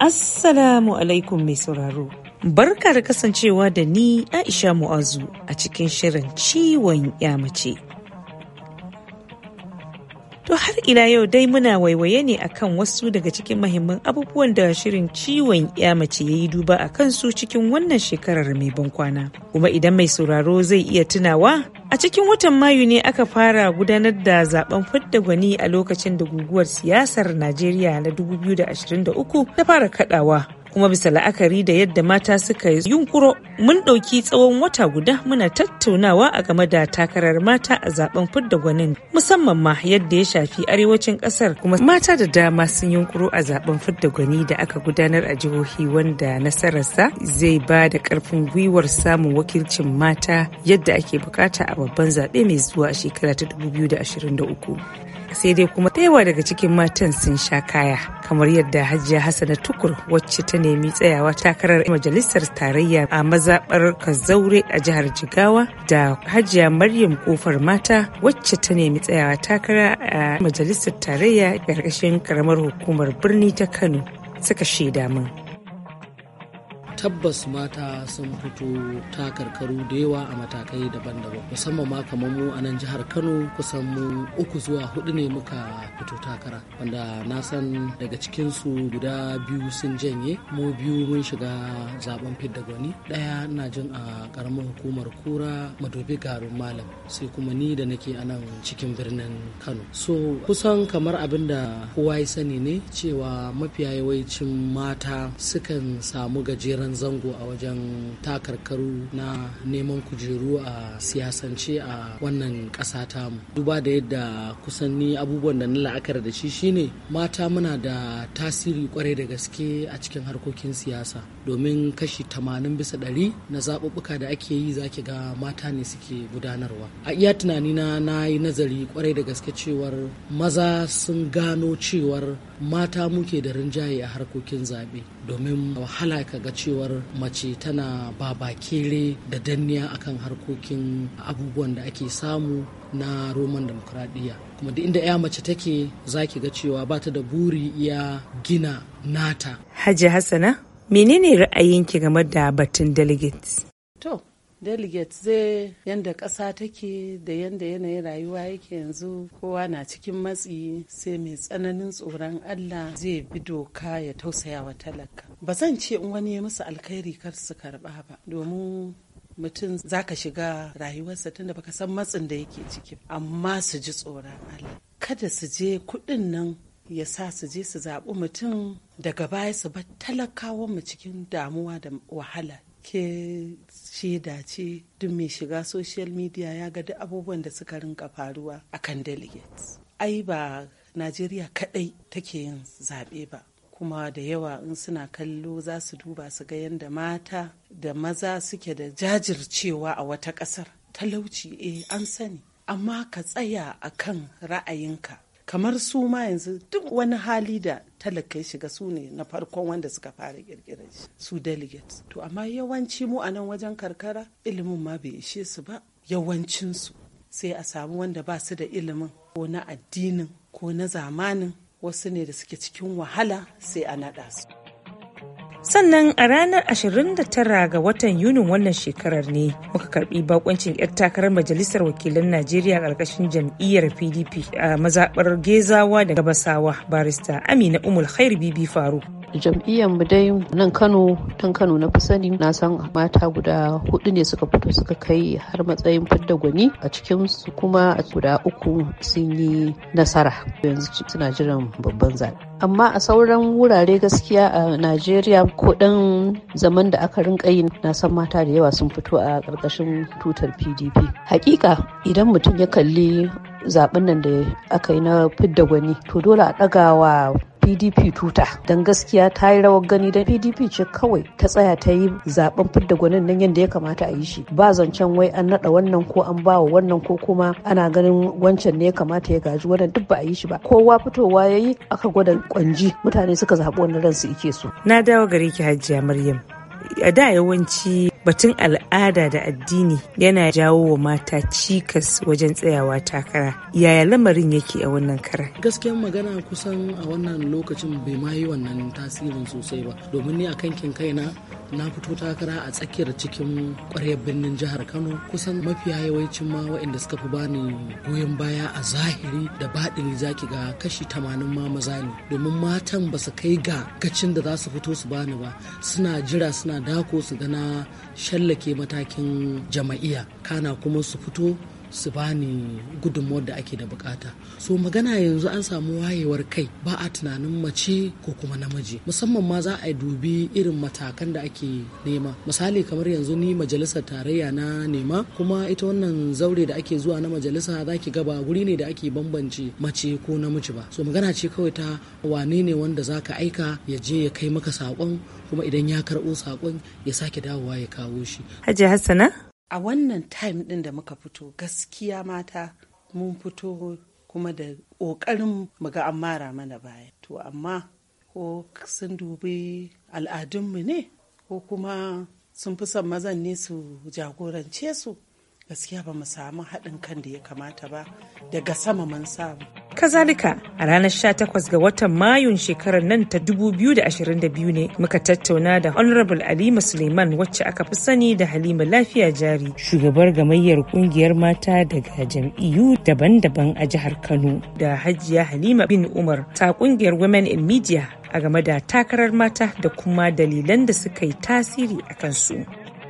Assalamu alaikum mai sauraro. Barka da kasancewa da ni Aisha Mu'azu a cikin shirin ciwon mace. To har ila yau dai muna waiwaye ne akan wasu daga cikin mahimman abubuwan da shirin ciwon mace ya yi duba a kansu cikin wannan shekarar mai ban kwana. Kuma idan mai sauraro zai iya tunawa A cikin watan Mayu ne aka fara gudanar da zaben fidda gwani a lokacin da guguwar siyasar Najeriya na 2023 ta fara kadawa kuma bisa la'akari da yadda mata suka yi yunkuro mun ɗauki tsawon wata guda muna tattaunawa a game da takarar mata a zaben fidda gwanin musamman ma yadda ya shafi arewacin ƙasar kuma mata da dama sun yunkuro a zaben fidda gwani da aka gudanar a jihohi wanda nasararsa zai ba da ƙarfin gwiwar samun wakilcin mata yadda ake bukata a babban zaɓe mai zuwa shekara ta 2023 sai dai kuma ta yawa daga cikin matan sun sha kaya kamar yadda hajiya hassana tukur wacce ta nemi tsayawa takarar majalisar tarayya a mazaɓar kazaure a jihar jigawa da hajiya maryam kofar mata wacce ta nemi tsayawa takara a majalisar tarayya ƙarƙashin karamar hukumar birni ta kano suka shaida min tabbas mata sun fito ta karkaru da yawa a matakai daban-daban musamman ma kamar mu a nan jihar kano kusan mu uku zuwa hudu ne muka fito takara wanda na san daga cikinsu guda biyu sun janye mu biyu mun shiga zaben fidda gwani daya na jin a karamar hukumar kura madobi garin malam sai kuma ni da nake a nan cikin birnin kano so kusan kamar abin da kowa ya sani ne cewa mafiya yawancin mata sukan samu gajeren gajeren zango a wajen takarkaru na neman kujeru a siyasance a wannan ƙasa tamu duba da yadda kusan ni abubuwan da na la'akar da shi shine mata muna da tasiri kwarai da gaske a cikin harkokin siyasa domin kashi 80 bisa ɗari na zaɓuɓɓuka da ake yi zaki ga mata ne suke gudanarwa a iya tunanina na yi nazari kwarai da gaske cewar maza sun gano cewar mata muke da rinjaye a harkokin zaɓe domin wahala ka ga cewa cewar mace tana babakere da danniya akan harkokin abubuwan da ake samu na roman demokradiyya kuma da inda 'ya mace take za ki ga cewa ba ta da buri iya gina nata hajji hassana menene ra'ayinki game da batun delegates to delegate zai yanda ƙasa take da yanda yanayin rayuwa yake yanzu kowa na cikin matsi sai mai tsananin tsoron allah zai bi doka ya tausaya wa talaka ba zan ce in wani ya musu alkhairi kar su karba ba domin mutum za ka shiga rayuwarsa tunda baka san matsin da yake ciki amma su ji tsoron allah kada su je kuɗin nan ya sa su je su zaɓi mutum daga baya su bar talakawan mu cikin damuwa da wahala ke shaida ce duk mai shiga social media ya ga duk abubuwan da suka rinka faruwa a kan delegates ai ba najeriya kadai take yin zaɓe ba kuma da yawa in suna kallo za su duba su ga yadda mata da maza suke da jajircewa a wata ƙasar talauci eh an sani amma ka tsaya a kan ra'ayinka kamar su ma yanzu duk wani hali da talaka ya shiga su ne na farkon wanda suka fara kirkira su delegates to amma yawanci mu a nan wajen karkara ilimin ma bai ishe su ba yawancinsu sai a samu wanda ba su da ilimin ko na addinin ko na zamanin wasu ne da suke cikin wahala sai a naɗa su sannan a ranar 29 ga watan yunin wannan shekarar ne muka karbi bakoncin 'yar takarar majalisar wakilan najeriya karkashin jam'iyyar pdp a mazaɓar gezawa da gabasawa barista amina umul khair bibi faruk jam'iyyar mu dai nan kano tun kano na fi sani na san mata guda hudu ne suka fito suka kai har matsayin fidda gwani a cikin su kuma guda uku sun yi nasara yanzu suna jiran babban zaɓe amma a sauran wurare gaskiya a najeriya ko dan zaman da aka rinka yi na san mata da yawa sun fito a ƙarƙashin tutar pdp hakika idan mutum ya kalli zaben nan da aka yi na fidda gwani to dole a ɗaga wa pdp tuta don gaskiya ta yi rawar gani don pdp ce kawai ta tsaya ta yi zaben fidda gwanin nan yadda ya kamata a yi shi ba zancen wai an naɗa wannan ko an bawa wannan ko kuma ana ganin wancan ne ya kamata ya gaji wannan duk ba a yi shi ba kowa fitowa ya yi aka gwada kwanji mutane suka zaɓi wannan ransu ike so na dawo gare ki hajiya maryam a da yawanci batun al'ada da addini yana jawo wa mata cikas wajen tsayawa takara yaya lamarin yake a wannan kara? gaskiyar magana kusan a wannan lokacin bai ma yi wannan tasirin sosai ba domin ni a kankin kaina na fito takara a tsakiyar cikin ƙwaryar birnin jihar kano kusan mafiya yawancin ma waɗanda suka fi bani goyon baya a zahiri da baɗini zaki ga kashi tamanin ma maza ne domin matan ba su kai ga gacin da za su fito su bani ba suna jira suna dako su gana shallake matakin jama'iya kana kuma su fito su bani gudunmuwar da ake da bukata so magana yanzu an samu wayewar kai ba a tunanin mace ko kuma namiji musamman ma za a dubi irin matakan da ake nema misali kamar yanzu ni majalisar tarayya na nema kuma ita wannan zaure da ake zuwa na majalisa za ki gaba wuri ne da ake bambance mace ko namiji ba so magana ce kawai ta wane ne wanda za ka aika ya je ya kai maka saƙon kuma idan ya karɓo saƙon ya sake dawowa ya kawo shi. Hajji Hassana? a wannan time ɗin da muka fito gaskiya mata mun fito kuma da ƙoƙarin mu ga an mara mana baya to amma ko sun dubi al'adunmu ne ko kuma sun fi son mazan ne su jagorance su gaskiya ba mu samu haɗin kan da ya kamata ba daga sama mun samu. Kazalika a ranar 18 ga watan Mayun shekarar nan ta 2022 ne muka tattauna da Honorable alima Suleiman wacce aka fi sani da Halima Lafiya Jari. Shugabar gamayyar kungiyar mata daga jam'iyyu daban-daban a jihar Kano. Da Hajiya Halima bin Umar ta kungiyar Women in Media a game da takarar mata da kuma dalilan da suka yi tasiri a kansu.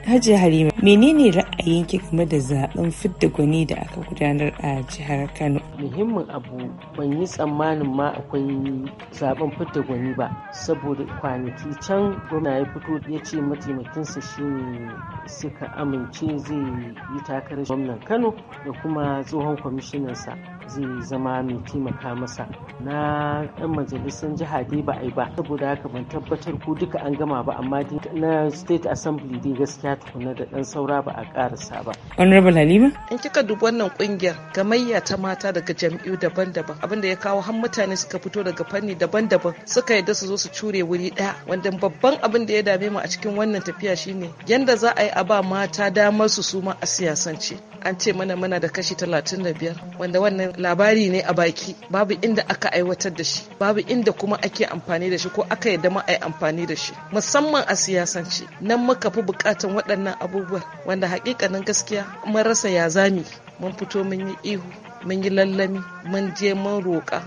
Hajji Halima, menene ra'ayinki game da zaben fidda gwani da aka gudanar a jihar Kano? Muhimmin abu ban yi tsammanin ma akwai zaben fidda gwani ba, saboda kwanaki can gwamna ya fito ya ce mataimakinsa shi ne suka amince zai yi takarar gwamnan Kano da kuma tsohon kwamishinansa. zai zama mai taimaka masa na ɗan majalisar jiha dai ba a yi ba saboda haka ban tabbatar ko duka an gama ba amma na state assembly dai gaskiya tukuna da ɗan saura ba a ƙarasa ba. honorable halima in kika dubi wannan ƙungiyar gamayya ta mata daga jam'iyyu daban-daban abinda ya kawo har mutane suka fito daga fanni daban-daban suka yarda su zo su cure wuri daya, wanda babban abin da ya dame mu a cikin wannan tafiya shine yanda za a yi a ba mata damar su suma a siyasance an ce mana mana da kashi 35 wanda wannan labari ne a baki babu inda aka aiwatar da shi babu inda kuma ake amfani da shi ko aka yadda ma a yi amfani da shi musamman a siyasance nan muka fi bukatan waɗannan abubuwan wanda hakikanin gaskiya mun rasa ya zami mun fito mun yi ihu mun yi lallami mun je mun roƙa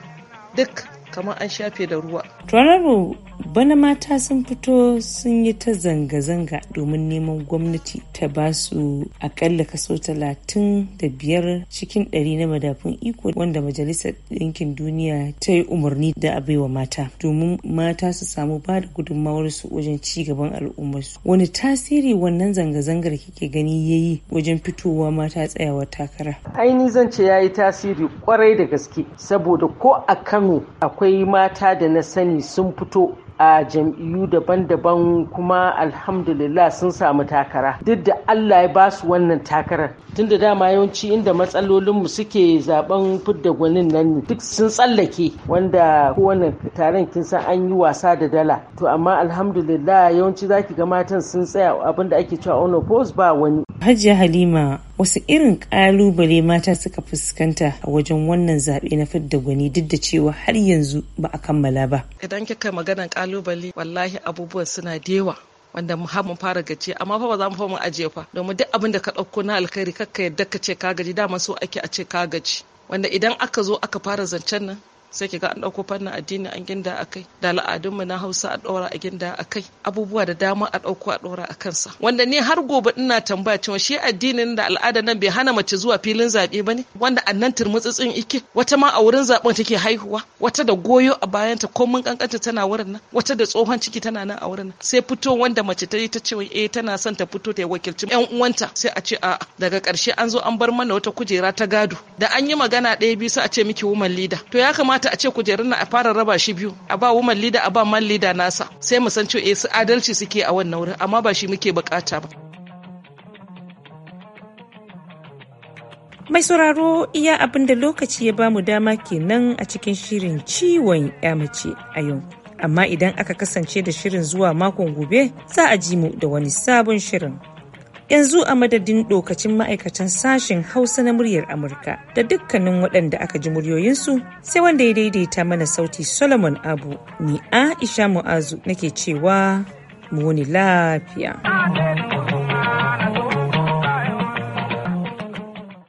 duk kamar an shafe da ruwa. Tuwararru bana mata sun fito sun yi ta zanga-zanga domin neman gwamnati ta ba su akalla kaso talatin da biyar cikin ɗari na madafun iko wanda majalisar ɗinkin duniya ta yi umarni da a wa mata domin mata su samu ba da su wajen ci gaban al'ummarsu. Wani tasiri wannan zanga-zangar kike gani ya yi wajen fitowa mata tsayawa takara? Aini zan ce ya yi tasiri kwarai da gaske saboda ko a Kano akwai akwai mata da na sani sun fito a jam'iyyu daban-daban kuma alhamdulillah sun samu takara duk da allah ya ba su wannan takarar tun da dama yawanci inda matsalolinmu suke zaben fidda gwanin nan ne duk sun tsallake wanda kowane taron kin san an yi wasa da dala to amma alhamdulillah yawanci zaki ga matan sun tsaya abinda ake cewa onopos ba wani Hajiya Halima wasu irin kalubale mata suka fuskanta a wajen wannan zaɓe na fidda gwani duk da cewa har yanzu ba a kammala ba. Idan kika maganan kalubale wallahi abubuwan suna dewa wanda mu fara gaji amma fa ba za mu fa mu ajiye fa domin duk abin da ka ɗauko na alkhairi kakka yadda ka ce ka gaji dama so ake a ce ka gaji wanda idan aka zo aka fara zancen nan sai ki ga an ɗauko fannin addini an ginda a kai da al'adunmu na hausa a ɗora a ginda a kai abubuwa da dama a ɗauko a ɗora a kansa wanda ni har gobe ina tambaya cewa shi addinin da al'ada nan bai hana mace zuwa filin zaɓe ba ne wanda annan turmutsutsun ike wata ma a wurin zaɓen take haihuwa wata da goyo a bayanta ko mun ƙanƙanta tana wurin nan wata da tsohon ciki tana nan a wurin nan sai fito wanda mace ta yi ta ce eh tana son ta fito ta wakilci yan uwanta sai a ce a'a daga ƙarshe an zo an bar mana wata kujera ta gado da an yi magana ɗaya biyu sai a ce miki woman leader to ya kamata kamata a ce kujerun na a fara raba shi biyu a ba woman leader a ba man leader nasa sai mu san cewa eh, su adalci suke a wannan wurin amma ba shi muke bukata ba mai sauraro iya abin da lokaci ya ba mu dama kenan a cikin shirin ciwon ya mace a yau amma idan aka kasance da shirin zuwa makon gobe za a ji mu da wani sabon shirin yanzu a madadin dokacin ma'aikatan sashen hausa na muryar amurka da dukkanin waɗanda aka ji muryoyinsu sai wanda ya daidaita mana sauti solomon abu ni aisha mu'azu nake cewa mu wani lafiya.